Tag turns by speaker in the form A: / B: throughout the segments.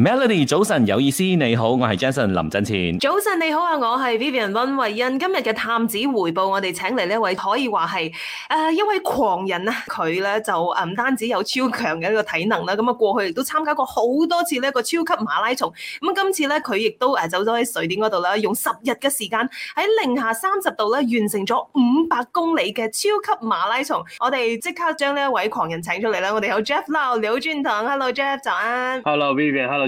A: Melody，早晨有意思，你好，我係 Jason 林振前。
B: 早晨你好啊，我係 Vivian 溫慧欣。今日嘅探子回報，我哋請嚟呢位可以話係誒一位狂人啊。佢咧就誒唔單止有超強嘅呢個體能啦，咁啊過去亦都參加過好多次呢個超級馬拉松。咁今次咧佢亦都誒走咗喺瑞典嗰度啦，用十日嘅時間喺零下三十度咧完成咗五百公里嘅超級馬拉松。我哋即刻將呢一位狂人請出嚟啦！我哋有 Jeff Lau 你好轉堂 Hello Jeff，早安。
A: Hello Vivian，Hello。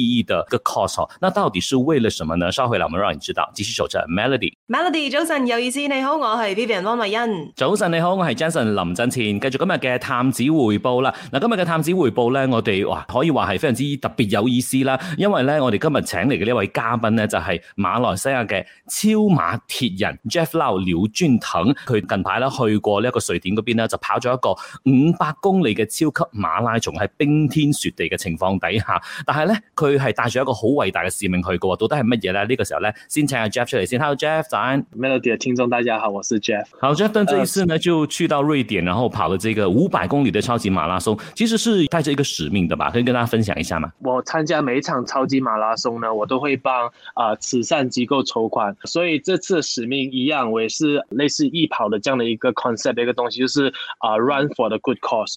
A: 意義的個 cause，那到底是為了什麼呢？稍後咧，我們讓你知道。繼續守住 melody，melody，
B: 早晨有意思，你好，我係 Vivian 汪慧欣。
A: 早晨你好，我係 Jensen 林振前。繼續今日嘅探子回報啦。嗱，今日嘅探子回報咧，我哋哇可以話係非常之特別有意思啦，因為咧，我哋今日請嚟嘅呢位嘉賓咧，就係、是、馬來西亞嘅超馬鐵人 Jeff Lau 廖尊騰。佢近排咧去過呢一個瑞典嗰邊咧，就跑咗一個五百公里嘅超級馬拉松喺冰天雪地嘅情況底下，但係咧。佢係帶住一個好偉大嘅使命去嘅到底係乜嘢咧？呢、這個時候咧，先請阿 Jeff 出嚟先。Hello Jeff，早安，Melody 嘅聽眾大家好，我是 Jeff。好，Jeff，呢一次呢，uh, 就去到瑞典，然後跑了這個五百公里嘅超級馬拉松，其實是帶着一個使命嘅吧？可以跟大家分享一下嗎？
C: 我參加每一場超級馬拉松呢，我都會幫啊、呃、慈善機構籌款，所以這次使命一樣，我也是類似易跑的這樣嘅一個 concept 的一個東西，就是啊、呃、run for the good cause。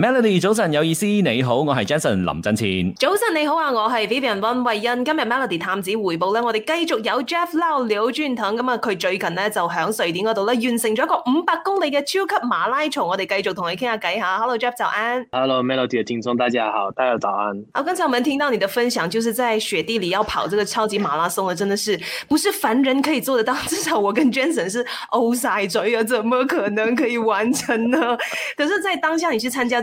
A: Melody 早晨有意思，你好，我係 Jason 林振前。
B: 早晨你好啊，我係 Vivian 溫慧欣。今日 Melody 探子回報咧，我哋繼續有 Jeff Lau 撈料專登。咁啊，佢最近呢就響瑞典嗰度咧完成咗一個五百公里嘅超級馬拉松。我哋繼續同你傾下偈。吓。Hello Jeff，早安。Hello Melody 嘅聽眾，大家好，大家早安。啊、哦，剛才我哋聽到你的分享，就是在雪地裏要跑這個超級馬拉松，啊真的是不是凡人可以做得到？至少我跟 Jason 是 o 晒、哦、嘴啊，怎麼可能可以完成呢？可是，在當下你去參加。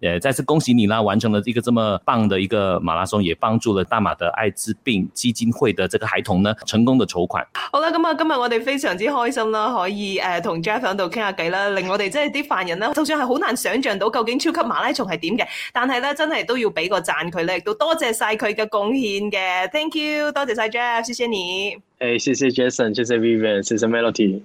A: 誒，再次恭喜你啦！完成了一個這麼棒的一個馬拉松，也幫助了大馬的艾滋病基金會的這個孩童呢，成功的籌款。
B: 好啦，咁啊，今日我哋非常之開心啦，可以誒同 Jeff 喺度傾下偈啦，令我哋即係啲凡人啦，就算係好難想象到究竟超級馬拉松係點嘅，但係咧真係都要俾個讚佢咧，亦都多謝晒佢嘅貢獻嘅。Thank you，多謝晒 Jeff，謝謝你，
C: 誒，謝謝 Jason，謝謝 Vivian，謝謝 Melody。